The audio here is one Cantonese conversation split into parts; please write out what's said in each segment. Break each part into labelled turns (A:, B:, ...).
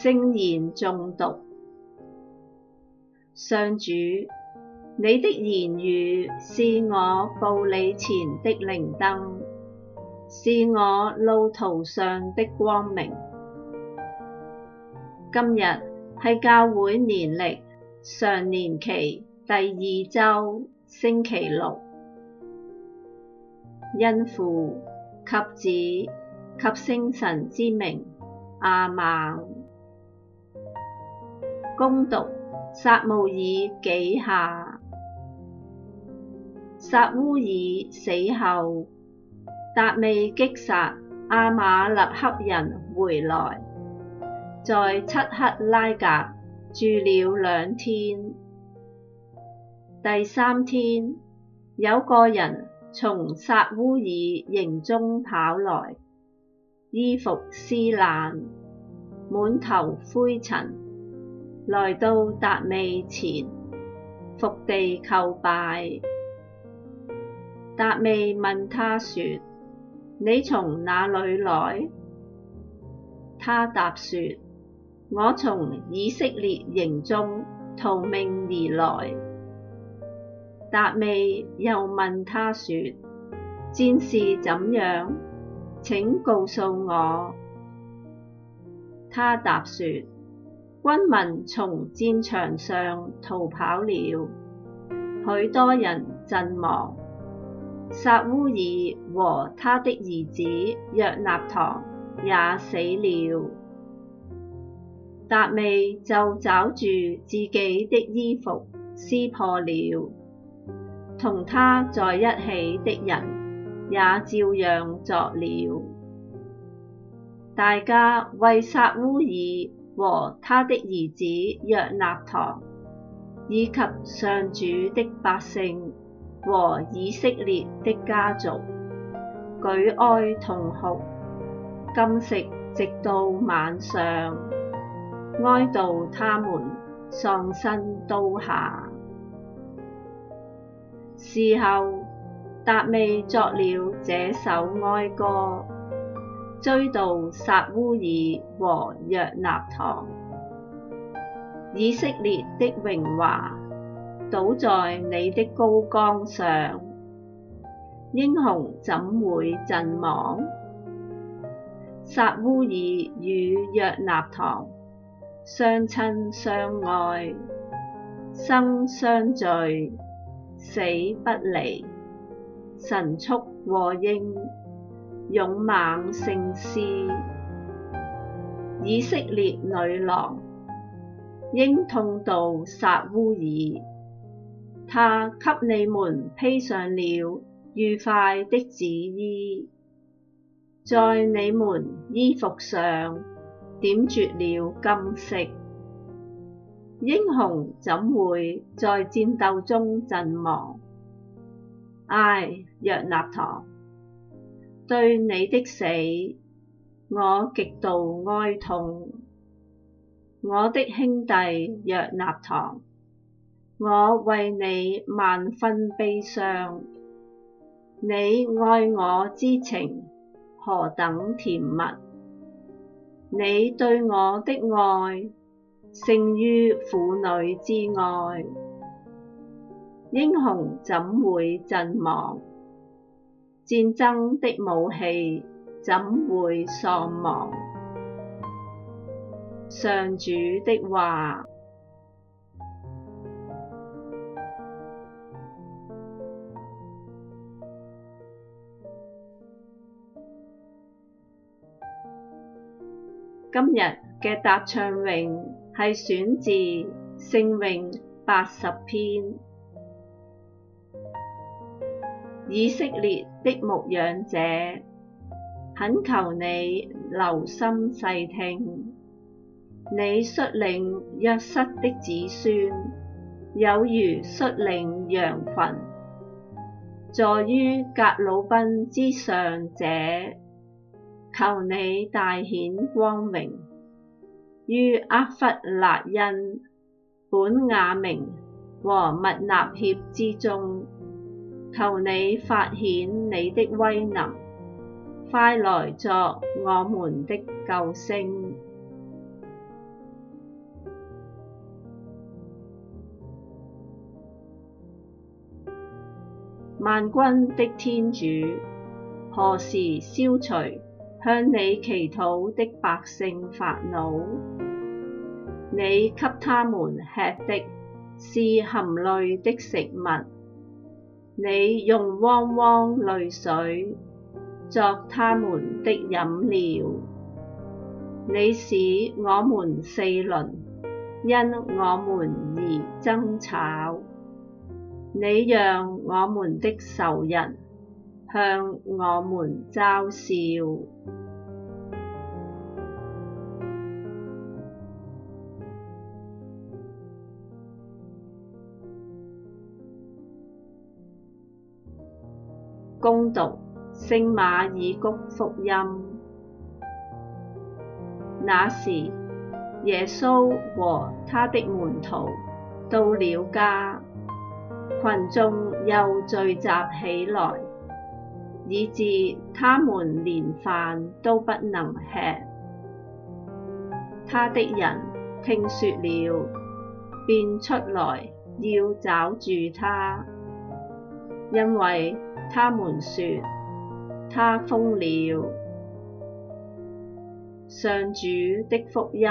A: 聖言誦讀，上主，你的言語是我步履前的靈燈，是我路途上的光明。今日係教會年曆常年期第二周星期六，因父及子及聖神之名阿們。恭讀撒慕爾紀下，撒烏耳死後，達味擊殺阿瑪肋克人回來，在漆刻拉格住了兩天。第三天，有個人從撒烏耳營中跑來，衣服撕爛，滿頭灰塵。來到達味前，伏地叩拜。達味問他說：你從哪裏來？他答說：我從以色列營中逃命而來。達味又問他說：戰事怎樣？請告訴我。他答說：軍民從戰場上逃跑了，許多人陣亡。撒烏耳和他的兒子約納堂也死了。達味就抓住自己的衣服撕破了，同他在一起的人也照樣作了。大家為撒烏耳，和他的兒子約納堂，以及上主的百姓和以色列的家族，舉哀痛哭，禁食直到晚上，哀悼他們喪身刀下。事後，達味作了這首哀歌。追悼撒烏耳和約納堂，以色列的榮華倒在你的高岡上，英雄怎會陣亡？撒烏耳與約納堂相親相愛，生相聚，死不離，神速過鷹。勇猛勝獅，以色列女郎，應痛悼撒烏耳，他給你們披上了愉快的紫衣，在你們衣服上點綴了金飾。英雄怎會在戰鬥中陣亡？唉，若納堂。對你的死，我極度哀痛。我的兄弟約納堂，我為你萬分悲傷。你愛我之情，何等甜蜜！你對我的愛，勝於婦女之愛。英雄怎會陣亡？戰爭的武器怎會喪亡？上主的話。今日嘅答唱詠係選自聖詠八十篇。以色列的牧養者，懇求你留心細聽，你率領若瑟的子孫，有如率領羊群，坐於革魯賓之上者，求你大顯光榮。於厄弗辣因、本雅明和默納協之中。求你發顯你的威能，快來作我們的救星。萬軍的天主，何時消除向你祈禱的百姓煩惱？你給他們吃的是含淚的食物。你用汪汪淚水作他們的飲料，你使我們四鄰因我們而爭吵，你讓我們的仇人向我們嘲笑。恭讀《聖馬爾谷福音》。那時，耶穌和他的門徒到了家，群眾又聚集起來，以致他們連飯都不能吃。他的人聽説了，便出來要抓住他。因為他們說：「他瘋了！」上主的福音。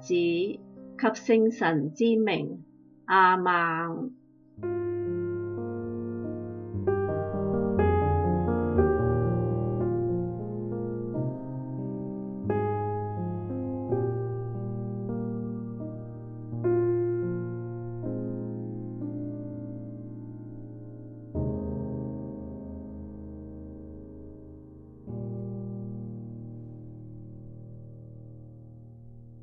A: 及子及聖神之名，阿孟。